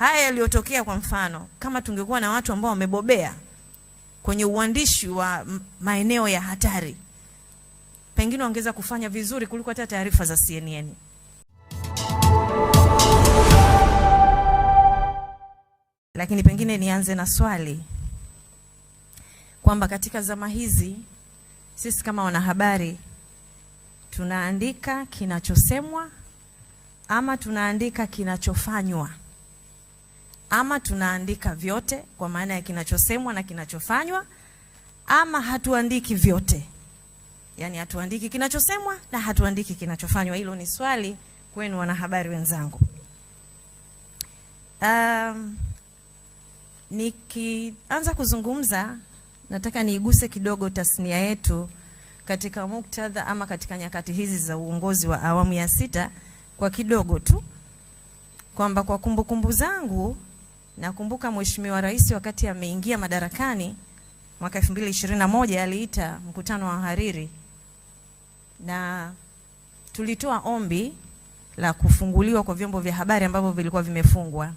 Haya yaliyotokea kwa mfano, kama tungekuwa na watu ambao wamebobea kwenye uandishi wa maeneo ya hatari, pengine wangeweza kufanya vizuri kuliko hata taarifa za CNN. Lakini pengine nianze na swali kwamba katika zama hizi sisi kama wanahabari tunaandika kinachosemwa ama tunaandika kinachofanywa? ama tunaandika vyote kwa maana ya kinachosemwa na kinachofanywa, ama hatuandiki vyote, yani hatuandiki kinachosemwa na hatuandiki kinachofanywa. Hilo ni swali kwenu wanahabari wenzangu. Um, nikianza kuzungumza nataka niiguse kidogo tasnia yetu katika muktadha ama katika nyakati hizi za uongozi wa awamu ya sita kwa kidogo tu, kwamba kwa kumbukumbu kumbu zangu Nakumbuka Mheshimiwa Rais wakati ameingia madarakani mwaka 2021 aliita mkutano wa hariri na tulitoa ombi la kufunguliwa kwa vyombo vya habari ambavyo vilikuwa vimefungwa,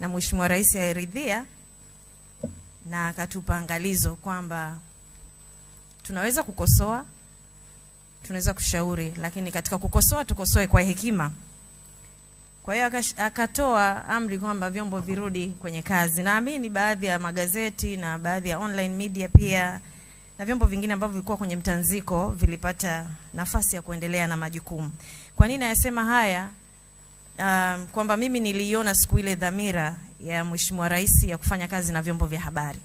na Mheshimiwa Rais aliridhia na akatupa angalizo kwamba tunaweza kukosoa, tunaweza kushauri, lakini katika kukosoa tukosoe kwa hekima. Kwa hiyo akatoa amri kwamba vyombo virudi kwenye kazi. Naamini baadhi ya magazeti na baadhi ya online media pia na vyombo vingine ambavyo vilikuwa kwenye mtanziko vilipata nafasi ya kuendelea na majukumu. Kwa nini nayasema haya? Um, kwamba mimi niliiona siku ile dhamira ya Mheshimiwa Rais ya kufanya kazi na vyombo vya habari,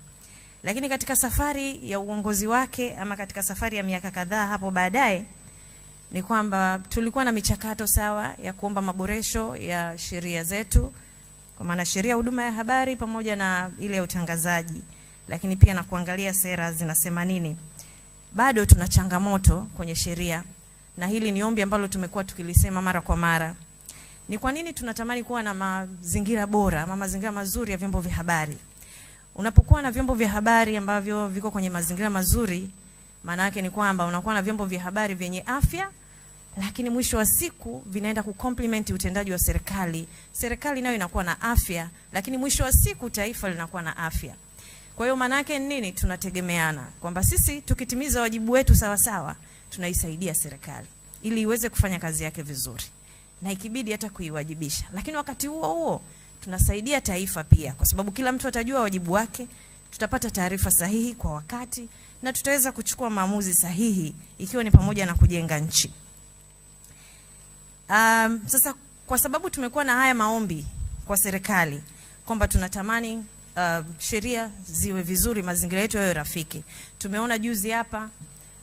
lakini katika safari ya uongozi wake ama katika safari ya miaka kadhaa hapo baadaye ni kwamba tulikuwa na michakato sawa ya kuomba maboresho ya sheria zetu, kwa maana sheria ya huduma ya habari pamoja na ile ya utangazaji, lakini pia na kuangalia sera zinasema nini. Bado tuna changamoto kwenye sheria, na hili ni ombi ambalo tumekuwa tukilisema mara kwa mara. Ni kwa nini tunatamani kuwa na mazingira bora ama mazingira mazuri ya vyombo vya habari? Unapokuwa na vyombo vya habari ambavyo viko kwenye mazingira mazuri maana yake ni kwamba unakuwa na vyombo vya habari vyenye afya, lakini mwisho wa siku vinaenda kucomplement utendaji wa serikali. Serikali nayo inakuwa na afya, lakini mwisho wa siku taifa linakuwa na afya. Kwa hiyo maana yake nini? Tunategemeana kwamba sisi tukitimiza wajibu wetu sawasawa, tunaisaidia serikali ili iweze kufanya kazi yake vizuri na ikibidi hata kuiwajibisha, lakini wakati huo huo tunasaidia taifa pia, kwa sababu kila mtu atajua wajibu wake tutapata taarifa sahihi kwa wakati na tutaweza kuchukua maamuzi sahihi ikiwa ni pamoja na kujenga nchi. Um, sasa kwa sababu tumekuwa na haya maombi kwa serikali kwamba tunatamani uh, sheria ziwe vizuri, mazingira yetu yawe rafiki. Tumeona juzi hapa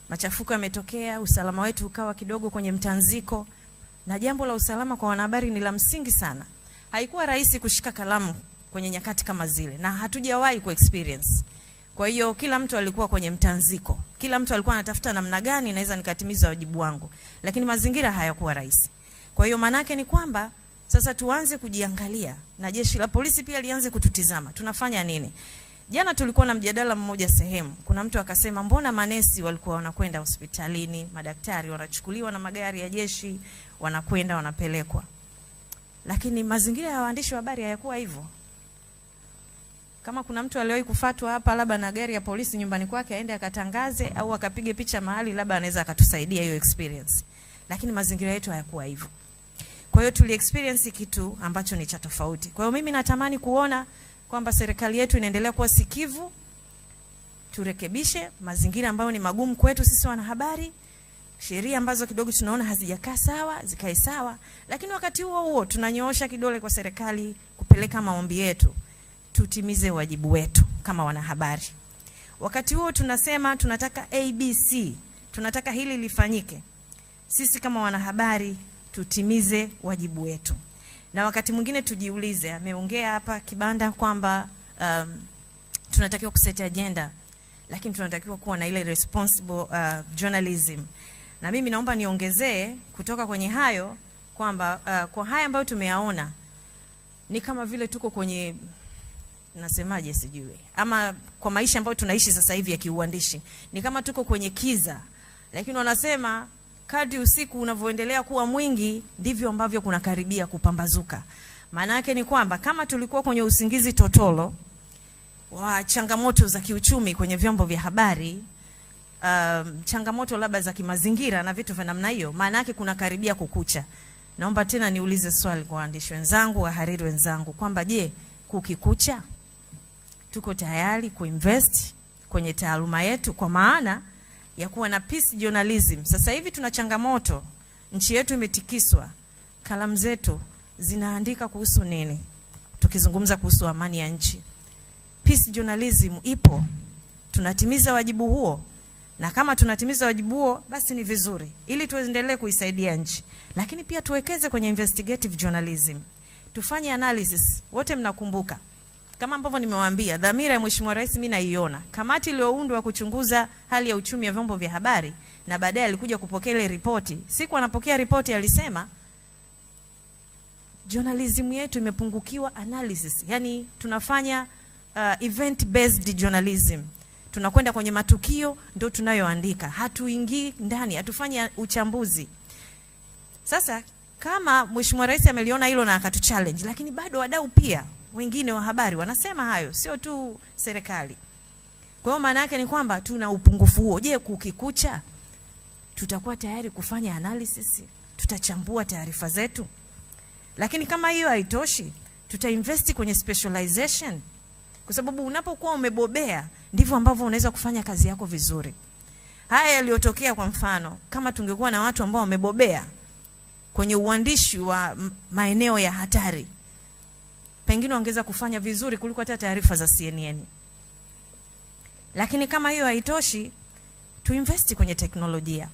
machafuko yametokea, usalama wetu ukawa kidogo kwenye mtanziko, na jambo la usalama kwa wanahabari ni la msingi sana. Haikuwa rahisi kushika kalamu kwenye nyakati kama zile, na hatujawahi ku experience. Kwa hiyo kila mtu alikuwa kwenye mtanziko, kila mtu alikuwa anatafuta namna gani naweza nikatimiza wajibu wangu, lakini mazingira hayakuwa rahisi. Kwa hiyo manake ni kwamba sasa tuanze kujiangalia na jeshi la polisi pia lianze kututizama tunafanya nini. Jana tulikuwa na mjadala mmoja sehemu, kuna mtu akasema mbona manesi walikuwa wanakwenda hospitalini, madaktari wanachukuliwa na magari ya jeshi, wanakwenda wanapelekwa, lakini mazingira ya waandishi wa habari hayakuwa hivyo. Kama kuna mtu aliwahi kufatwa hapa labda na gari ya polisi nyumbani kwake, aende akatangaze au akapige picha mahali, labda anaweza akatusaidia hiyo experience, lakini mazingira yetu hayakuwa hivyo. Kwa hiyo tuli experience kitu ambacho ni cha tofauti. Kwa hiyo mimi natamani kuona kwamba serikali yetu inaendelea kuwa sikivu, turekebishe mazingira ambayo ni magumu kwetu sisi wanahabari, sheria ambazo kidogo tunaona hazijakaa sawa zikae sawa, lakini wakati huo huo tunanyoosha kidole kwa serikali kupeleka maombi yetu tutimize wajibu wetu kama wanahabari. Wakati huo tunasema tunataka ABC, tunataka hili lifanyike. Sisi kama wanahabari tutimize wajibu wetu, na wakati mwingine tujiulize. Ameongea hapa Kibanda kwamba um, tunatakiwa kuseti agenda, lakini tunatakiwa kuwa na ile responsible uh, journalism, na mimi naomba niongezee kutoka kwenye hayo kwamba uh, kwa haya ambayo tumeyaona ni kama vile tuko kwenye nasemaje, sijui ama kwa maisha ambayo tunaishi sasa hivi ya kiuandishi ni kama tuko kwenye kiza, lakini wanasema kadri usiku unavyoendelea kuwa mwingi ndivyo ambavyo kunakaribia kupambazuka. Maana yake ni kwamba kama tulikuwa kwenye usingizi totolo wa changamoto za kiuchumi kwenye vyombo vya habari um, changamoto labda za kimazingira na vitu vya namna hiyo, maana yake kunakaribia kukucha. Naomba tena niulize swali kwa waandishi wenzangu, wahariri wenzangu kwamba je, kukikucha tuko tayari kuinvest kwenye taaluma yetu kwa maana ya kuwa na peace journalism. Sasa hivi tuna changamoto, nchi yetu imetikiswa, kalamu zetu zinaandika kuhusu nini? Tukizungumza kuhusu amani ya nchi, peace journalism ipo, tunatimiza wajibu huo, na kama tunatimiza wajibu huo basi ni vizuri, ili tuendelee kuisaidia nchi, lakini pia tuwekeze kwenye investigative journalism, tufanye analysis. Wote mnakumbuka kama ambavyo nimewaambia, dhamira ya Mheshimiwa Rais mimi naiona. Kamati iliyoundwa kuchunguza hali ya uchumi ya vyombo vya habari na baadaye alikuja kupokea ile ripoti. Siku anapokea ripoti alisema journalism yetu imepungukiwa analysis. yani tunafanya uh, event based journalism. Tunakwenda kwenye matukio ndio tunayoandika. Hatuingii ndani, hatufanyi uchambuzi. Sasa kama Mheshimiwa Rais ameliona hilo na akatuchallenge, lakini bado wadau pia wengine wa habari wanasema hayo, sio tu serikali. Kwa hiyo maana yake ni kwamba tuna upungufu huo. Je, kukikucha tutakuwa tayari kufanya analysis, tutachambua taarifa zetu. Lakini kama hiyo haitoshi, tuta invest kwenye specialization, kwa sababu unapokuwa umebobea ndivyo ambavyo unaweza kufanya kazi yako vizuri. Haya yaliyotokea, kwa mfano, kama tungekuwa na watu ambao wamebobea kwenye uandishi wa maeneo ya hatari pengine wangeweza kufanya vizuri kuliko hata taarifa za CNN. Lakini kama hiyo haitoshi, tuinvesti kwenye teknolojia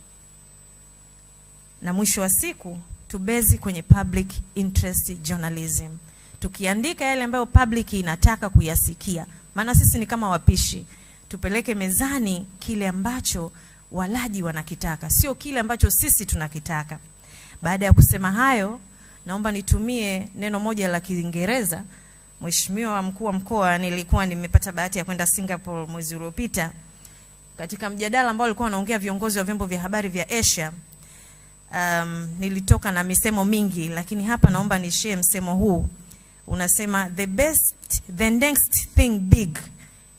na mwisho wa siku tubezi kwenye public interest journalism, tukiandika yale ambayo public inataka kuyasikia. Maana sisi ni kama wapishi, tupeleke mezani kile ambacho walaji wanakitaka, sio kile ambacho sisi tunakitaka. Baada ya kusema hayo naomba nitumie neno moja la Kiingereza. Mheshimiwa mkuu wa mkoa, nilikuwa nimepata bahati ya kwenda Singapore mwezi uliopita katika mjadala ambao alikuwa anaongea viongozi wa vyombo vya habari vya Asia. Um, nilitoka na misemo mingi, lakini hapa naomba nishie msemo huu unasema, the best the next thing big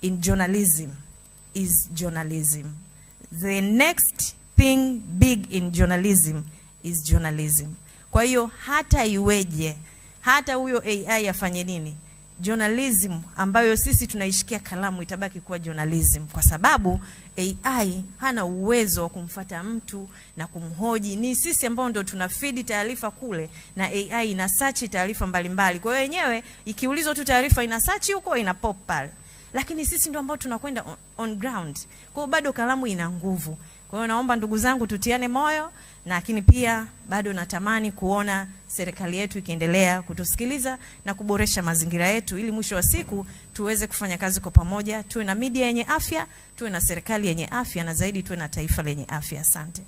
in journalism is journalism. The next thing big in journalism is journalism. Kwa hiyo hata iweje, hata huyo AI afanye nini, journalism ambayo sisi tunaishikia kalamu itabaki kuwa journalism, kwa sababu AI hana uwezo wa kumfata mtu na kumhoji. Ni sisi ambao ndo tuna feed taarifa kule, na AI ina search taarifa mbalimbali. Kwa hiyo yenyewe ikiulizwa tu taarifa ina search huko, ina pop pale, lakini sisi ndo ambao tunakwenda on, on ground. Kwa hiyo bado kalamu ina nguvu. Kwa hiyo naomba ndugu zangu, tutiane moyo, lakini pia bado natamani kuona serikali yetu ikiendelea kutusikiliza na kuboresha mazingira yetu, ili mwisho wa siku tuweze kufanya kazi kwa pamoja, tuwe na media yenye afya, tuwe na serikali yenye afya, na zaidi tuwe na taifa lenye afya. Asante.